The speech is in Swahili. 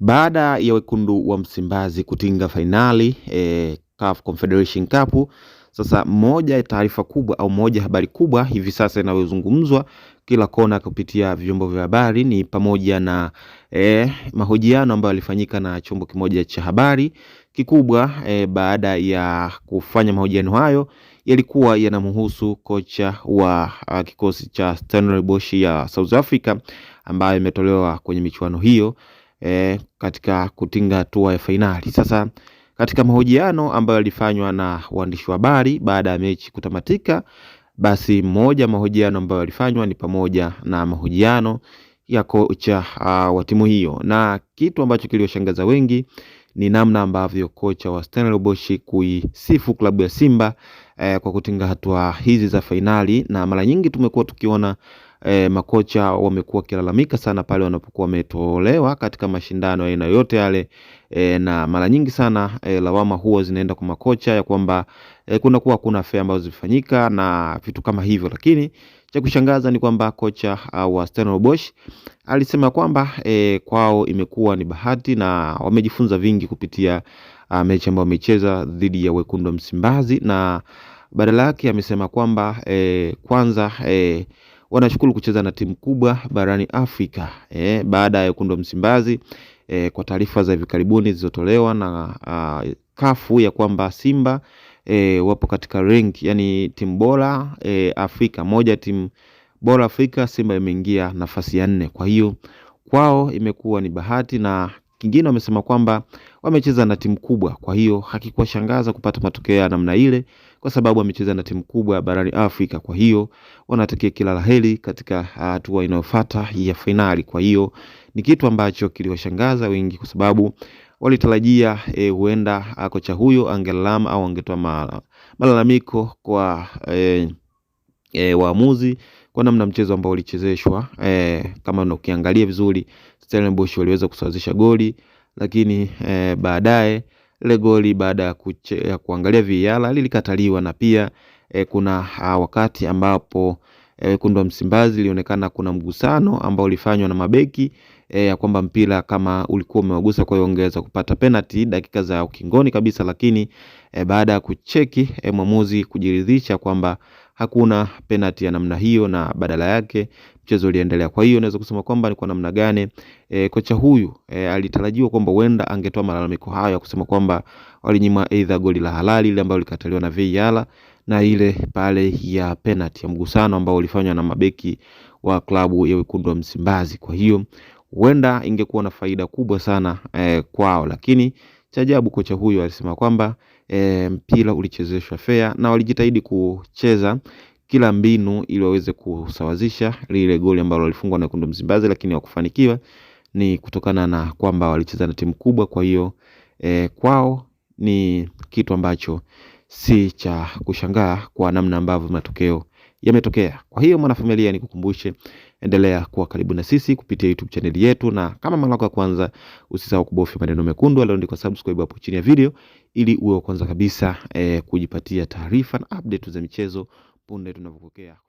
Baada ya wekundu wa Msimbazi kutinga fainali e, eh, CAF Confederation Cup, sasa moja ya taarifa kubwa au moja habari kubwa hivi sasa inayozungumzwa kila kona kupitia vyombo vya habari ni pamoja na e, mahojiano ambayo yalifanyika na chombo kimoja cha habari kikubwa e, baada ya kufanya mahojiano hayo yalikuwa yanamhusu kocha wa uh, kikosi cha Stellenbosch ya South Africa ambayo imetolewa kwenye michuano hiyo e, katika kutinga hatua ya fainali. Sasa katika mahojiano ambayo yalifanywa na waandishi wa habari baada ya mechi kutamatika, basi mmoja mahojiano ambayo yalifanywa ni pamoja na mahojiano ya kocha uh, wa timu hiyo, na kitu ambacho kiliwashangaza wengi ni namna ambavyo kocha wa Stellenbosch kuisifu klabu ya Simba eh, kwa kutinga hatua hizi za fainali, na mara nyingi tumekuwa tukiona e, makocha wamekuwa wakilalamika sana pale wanapokuwa wametolewa katika mashindano ya aina yoyote yale e, na mara nyingi sana e, lawama huwa zinaenda kwa makocha ya kwamba e, kuna kuwa kuna fea ambazo zilifanyika na vitu kama hivyo, lakini cha kushangaza ni kwamba kocha uh, wa Stellenbosch alisema kwamba e, kwao imekuwa ni bahati na wamejifunza vingi kupitia uh, mechi ambayo wamecheza dhidi ya wekundu wa Msimbazi na badala yake amesema kwamba e, kwanza e, wanashukuru kucheza na timu kubwa barani Afrika e, baada ya kundo Msimbazi e, kwa taarifa za hivi karibuni zilizotolewa na a, ah, kafu ya kwamba Simba e, wapo katika rank yani timu bora e, Afrika moja timu bora Afrika. Simba imeingia nafasi ya nne, kwa hiyo kwao imekuwa ni bahati na kingine wamesema kwamba wamecheza na timu kubwa, kwa hiyo hakikuwashangaza kupata matokeo ya namna ile kwa sababu amecheza na timu kubwa barani Afrika. Kwa hiyo wanatakia kila laheri katika hatua inayofuata ya fainali. Kwa hiyo ni kitu ambacho kiliwashangaza wengi kwa sababu walitarajia e, huenda kocha huyo angelam au angetoa malalamiko kwa e, e, waamuzi kwa namna mchezo ambao ulichezeshwa. E, kama ukiangalia vizuri Stellenbosch waliweza kusawazisha goli, lakini e, baadaye ile goli baada ya, ya kuangalia VAR lilikataliwa, na pia e, kuna ah, wakati ambapo e, wekundu wa Msimbazi ilionekana kuna mgusano ambao ulifanywa na mabeki e, ya kwamba mpira kama ulikuwa umewagusa, kwa hiyo ongeza kupata penalty dakika za ukingoni kabisa, lakini e, baada ya kucheki e, mwamuzi kujiridhisha kwamba hakuna penalty ya namna hiyo, na badala yake mchezo uliendelea. Kwa hiyo naweza kusema kwamba ni kwa namna gani e, kocha huyu e, alitarajiwa kwamba huenda angetoa malalamiko hayo ya kusema kwamba walinyima aidha goli la halali ile ambayo likataliwa na VAR na ile pale ya penalty ya mgusano ambao ulifanywa na mabeki wa klabu ya wekundu wa Msimbazi. Kwa hiyo huenda ingekuwa na faida kubwa sana e, kwao, lakini cha ajabu kocha huyu alisema kwamba e, mpira ulichezeshwa fair na walijitahidi kucheza kila mbinu ili waweze kusawazisha lile goli ambalo walifungwa na Wekundu Msimbazi, lakini hawakufanikiwa. Ni kutokana na kwamba walicheza na timu kubwa, kwa hiyo e, kwao ni kitu ambacho si cha kushangaa kwa namna ambavyo matokeo yametokea. Kwa hiyo mwanafamilia, nikukumbushe, endelea kuwa karibu na sisi kupitia YouTube channel yetu, na kama mara ya kwanza, usisahau kubofya maneno mekundu yaliyoandikwa subscribe hapo chini ya video ili uwe wa kwanza kabisa eh, kujipatia taarifa na update za michezo pune tunapokea